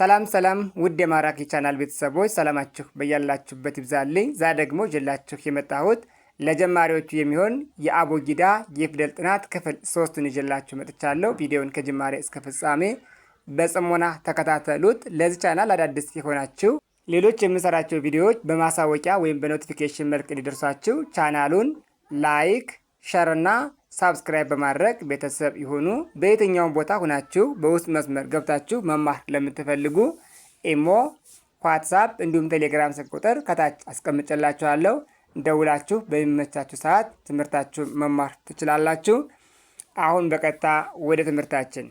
ሰላም ሰላም ውድ የማራኪ ቻናል ቤተሰቦች ሰላማችሁ በያላችሁበት ይብዛልኝ። ዛ ደግሞ ጀላችሁ የመጣሁት ለጀማሪዎቹ የሚሆን የአቦጊዳ የፊደል ጥናት ክፍል ሶስቱን ይዤላችሁ መጥቻለሁ። ቪዲዮውን ከጅማሬ እስከ ፍጻሜ በጽሞና ተከታተሉት። ለዚህ ቻናል አዳዲስ የሆናችሁ ሌሎች የምሰራቸው ቪዲዮዎች በማሳወቂያ ወይም በኖቲፊኬሽን መልክ እንዲደርሷችሁ ቻናሉን ላይክ፣ ሸርና ሳብስክራይብ በማድረግ ቤተሰብ ይሁኑ። በየትኛውም ቦታ ሁናችሁ በውስጥ መስመር ገብታችሁ መማር ለምትፈልጉ ኢሞ፣ ዋትሳፕ እንዲሁም ቴሌግራም ስልክ ቁጥር ከታች አስቀምጨላችኋለሁ። እንደውላችሁ በሚመቻችሁ ሰዓት ትምህርታችሁ መማር ትችላላችሁ። አሁን በቀጥታ ወደ ትምህርታችን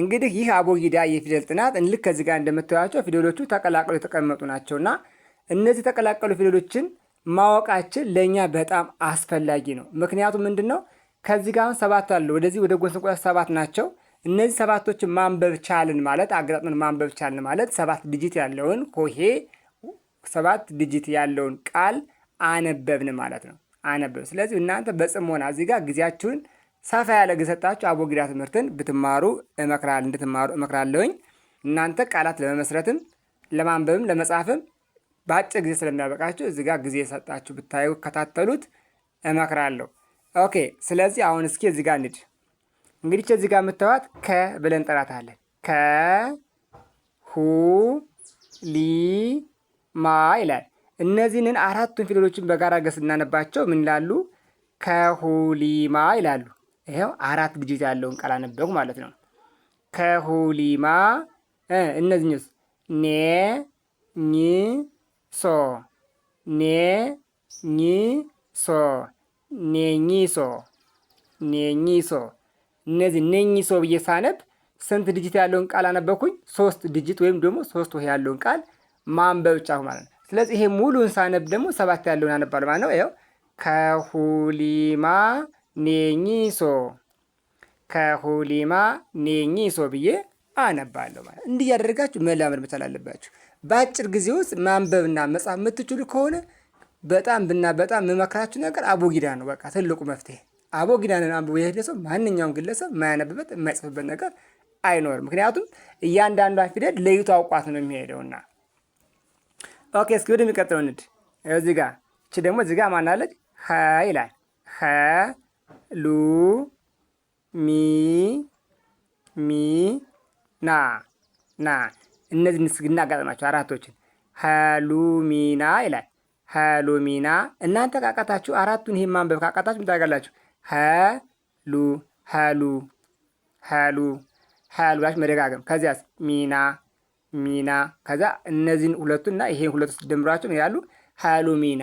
እንግዲህ ይህ አቦጊዳ የፊደል ጥናት እንልክ ከዚህ ጋር እንደምታዩቸው ፊደሎቹ ተቀላቅለው የተቀመጡ ናቸውና እነዚህ ተቀላቀሉ ፊደሎችን ማወቃችን ለእኛ በጣም አስፈላጊ ነው። ምክንያቱም ምንድን ነው ከዚህ ጋር ሰባት አለ ወደዚህ ወደ ጎን ስንቆጥር ሰባት ናቸው። እነዚህ ሰባቶችን ማንበብ ቻልን ማለት አገጣጥመን ማንበብ ቻልን ማለት ሰባት ዲጂት ያለውን ሆሄ ሰባት ዲጂት ያለውን ቃል አነበብን ማለት ነው። አነበብ ስለዚህ እናንተ በጽሞና እዚህ ጋር ጊዜያችሁን ሰፋ ያለ ግሰጣችሁ ሰጣችሁ አቦጊዳ ትምህርትን ብትማሩ እመክራል እንድትማሩ እመክራለሁኝ። እናንተ ቃላት ለመመስረትም ለማንበብም ለመጻፍም በአጭር ጊዜ ስለሚያበቃችሁ እዚህ ጋር ጊዜ የሰጣችሁ ብታዩ ከታተሉት እመክራለሁ። ኦኬ ስለዚህ አሁን እስኪ እዚህ ጋር እንድ እንግዲህ እዚህ ጋር የምታዩት ከ ብለን እንጠራታለን። ከ ሁ ሊ ማ ይላል። እነዚህንን አራቱን ፊደሎችን በጋራ ገስ እናነባቸው ምን ይላሉ? ከሁሊማ ይላሉ። ይኸው አራት ግጅት ያለውን ቃል አነበብኩ ማለት ነው። ከሁሊማ እነዚህኛስ ኔ ኝ ሶ ኔ ኝ ሶ ኔኝሶ ኔኝሶ እነዚህ ኔኝሶ ብዬ ሳነብ ስንት ድጅት ያለውን ቃል አነበኩኝ? ሶስት ድጅት ወይም ደግሞ ሶስት ወይ ያለውን ቃል ማንበብ ቻልኩ ማለት ነው። ስለዚህ ይሄ ሙሉን ሳነብ ደግሞ ሰባት ያለውን አነባለሁ ማለት ነው። ይኸው ከሁሊማ ኔኝሶ ከሁሊማ ኔኝሶ ብዬ አነባለሁ ማለት እንዲህ ያደረጋችሁ መላመድ መቻል አለባችሁ። በአጭር ጊዜ ውስጥ ማንበብና መጻፍ የምትችሉ ከሆነ በጣም ብና በጣም የምመክራችሁ ነገር አቦጊዳ ነው። በቃ ትልቁ መፍትሄ አቦጊዳንን አንብቦ የሄደ ሰው ማንኛውም ግለሰብ የማያነብበት የማይጽፍበት ነገር አይኖርም። ምክንያቱም እያንዳንዷ ፊደል ለይቶ አውቋት ነው የሚሄደውና። ኦኬ እስኪ ወደ የሚቀጥለው ንድ እዚህ ጋ እቺ ደግሞ እዚህ ጋ ማናለች ሀ ይላል ሀ ሉ ሚ ሚ ና ና እነዚህ ንስግና አጋጠማቸው አራቶችን ሀሉሚና ይላል ሀሉሚና እናንተ ካቃታችሁ አራቱን ይሄን ማንበብ ካቃታችሁ ምታደርጋላችሁ ሀሉ ሀሉ ሀሉ ሀሉ ብላችሁ መደጋገም። ከዚያስ ሚና ሚና። ከዛ እነዚህን ሁለቱን እና ይሄን ሁለቱ ስትደምሯቸው ይላሉ ሀሉ ሚና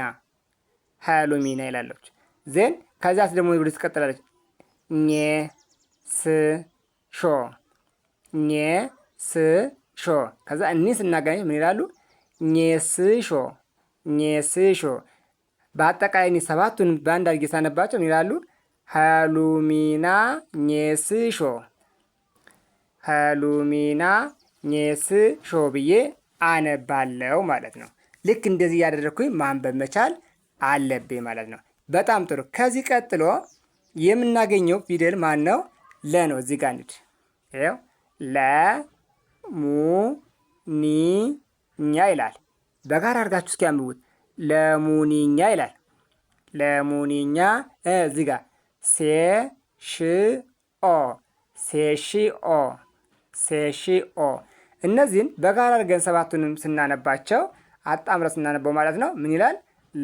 ሀሉ ሚና ይላለች። ዜን ከዚያስ ደግሞ ብሎ ትቀጥላለች ኘ ስ ሾ ኘ ስ ሾ። ከዛ እኒህ ስናገናኘት ምን ይላሉ? ኘ ስ ሾ ኔስሾ በአጠቃላይ እኔ ሰባቱን በአንድ አድርጌ ሳነባቸው ይላሉ ሀሉሚና ኔስሾ ሀሉሚና ኔስሾ ብዬ አነባለው ማለት ነው። ልክ እንደዚህ እያደረግኩኝ ማንበብ መቻል አለብኝ ማለት ነው። በጣም ጥሩ። ከዚህ ቀጥሎ የምናገኘው ፊደል ማን ነው? ለ ነው። እዚህ ጋር እንሂድ። ለ ሙ ኒ ኛ ይላል። በጋራ አርጋችሁ እስኪ ያንብቡት። ለሙኒኛ ይላል። ለሙኒኛ እዚህ ጋር ሴሽኦ ሴሽኦ ኦ። እነዚህን በጋራ አድርገን ሰባቱንም ስናነባቸው አጣምረ ስናነበው ማለት ነው ምን ይላል?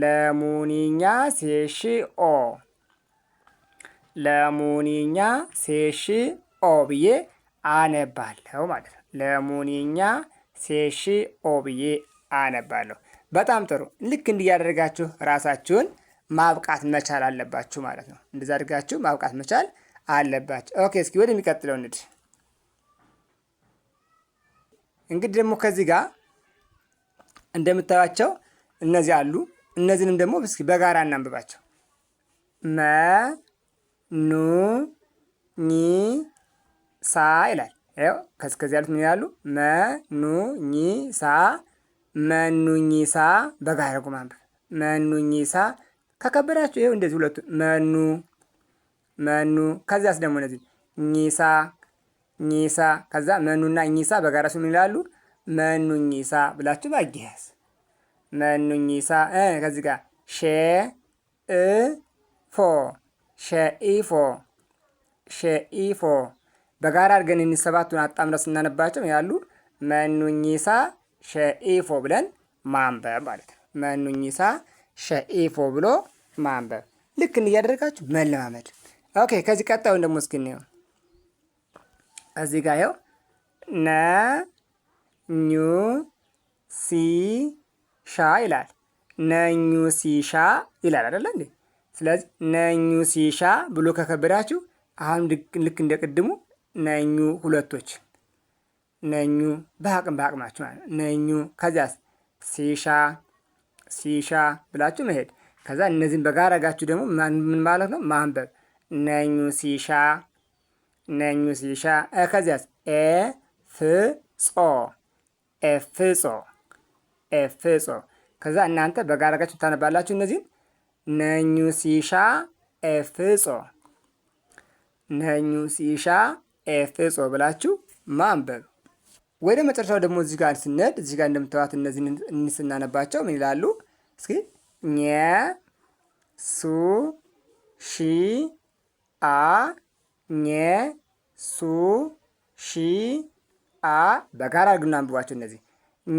ለሙኒኛ ኦ ለሙኒኛ ኦ ብዬ አነባለሁ ማለት ነው። ለሙኒኛ ሴሽኦ ብዬ አነባለሁ። በጣም ጥሩ። ልክ ያደረጋችሁ ራሳችሁን ማብቃት መቻል አለባችሁ ማለት ነው። እንደዛ አድርጋችሁ ማብቃት መቻል አለባችሁ። ኦኬ፣ እስኪ የሚቀጥለው ንድ እንግዲህ ደግሞ ከዚህ ጋር እንደምታዩቸው እነዚህ አሉ። እነዚህንም ደግሞ እስኪ በጋራ እናንብባቸው። መ ኑ ኒ ሳ ይላል። ከዚህ ከዚህ ያሉት ምን ይላሉ? መ ኑ ኒ ሳ መኑኝሳ በጋር አድርጎ ማንበብ። መኑኝሳ ከከበዳችሁ ይሄው እንደዚህ ሁለቱ መኑ መኑ፣ ከዚያስ ደግሞ እነዚህ ኒሳ ኒሳ፣ ከዛ መኑና ኒሳ በጋራ ሲሆኑ ይላሉ። መኑኝሳ ብላችሁ ባጊያዝ መኑኝሳ ከዚህ ጋር ሼ እ ፎ ሸኢፎ ሸኢፎ በጋራ አድርገን እኒ ሰባቱን አጣምረ ስናነባቸው ያሉ መኑኝሳ ሸኢፎ ብለን ማንበብ ማለት ነው። መኑኝሳ ሸኢፎ ብሎ ማንበብ ልክ እያደረጋችሁ መለማመድ። ኦኬ ከዚህ ቀጣዩን ደግሞ እስኪ እንየው። እዚህ ጋ ይኸው ነ ኙ ሲ ሻ ይላል። ነኙ ሲሻ ይላል አደለ እንዴ? ስለዚህ ነኙ ሲሻ ብሎ ከከበዳችሁ አሁን ልክ እንደ ቅድሙ ነኙ ሁለቶች ነኙ በአቅም በአቅማችሁ ማለት ነው። ነኙ ከዚያ ሲሻ ሲሻ ብላችሁ መሄድ ከዛ እነዚህን በጋራ አድርጋችሁ ደግሞ ምን ማለት ነው ማንበብ ነኙ ሲሻ ነኙ ሲሻ ከዚያስ ኤ ፍ ጾ ኤፍ ጾ ኤፍ ጾ ከዛ እናንተ በጋራ አድርጋችሁ ታነባላችሁ እነዚህን ነኙ ሲሻ ኤፍ ጾ ነኙ ሲሻ ኤፍ ጾ ብላችሁ ማንበብ ወደ መጨረሻው ደግሞ እዚህ ጋር ስንሄድ እዚህ ጋር እንደምታዩት እነዚህ እንስናነባቸው ምን ይላሉ? እስኪ ኘ ሱ ሺ አ ኘ ሱ ሺ አ በጋራ አድርጉና አንብባቸው። እነዚህ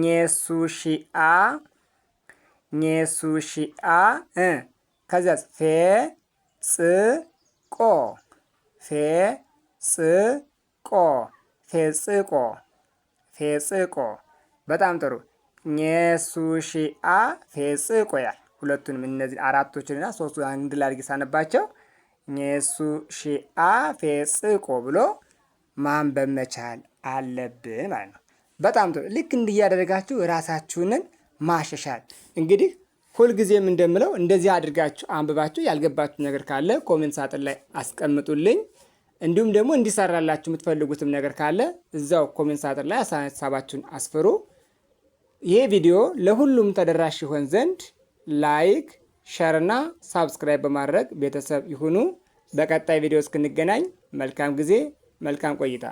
ኘ ሱ ሺ አ ኘ ሱ ሺ አ እ ከዚያስ ፌ ጽ ቆ ፌ ጽ ቆ ፌ ጽ ቆ ፌጽቆ በጣም ጥሩ ኔሱሺአ ፌጽቆ ያል ሁለቱንም እነዚህ አራቶችንና ሶስቱ አንድ ላድርግ ሳነባቸው ኔሱሺአ ፌጽቆ ብሎ ማንበብ መቻል አለብን ማለት ነው። በጣም ጥሩ። ልክ እንዲያደርጋችሁ ራሳችሁንን ማሸሻል እንግዲህ ሁልጊዜም እንደምለው እንደዚህ አድርጋችሁ አንብባችሁ ያልገባችሁ ነገር ካለ ኮሜንት ሳጥን ላይ አስቀምጡልኝ። እንዲሁም ደግሞ እንዲሰራላችሁ የምትፈልጉትም ነገር ካለ እዛው ኮሜንት ሳጥን ላይ ሀሳባችሁን አስፍሩ። ይሄ ቪዲዮ ለሁሉም ተደራሽ ይሆን ዘንድ ላይክ፣ ሸርና ሳብስክራይብ በማድረግ ቤተሰብ ይሁኑ። በቀጣይ ቪዲዮ እስክንገናኝ መልካም ጊዜ፣ መልካም ቆይታ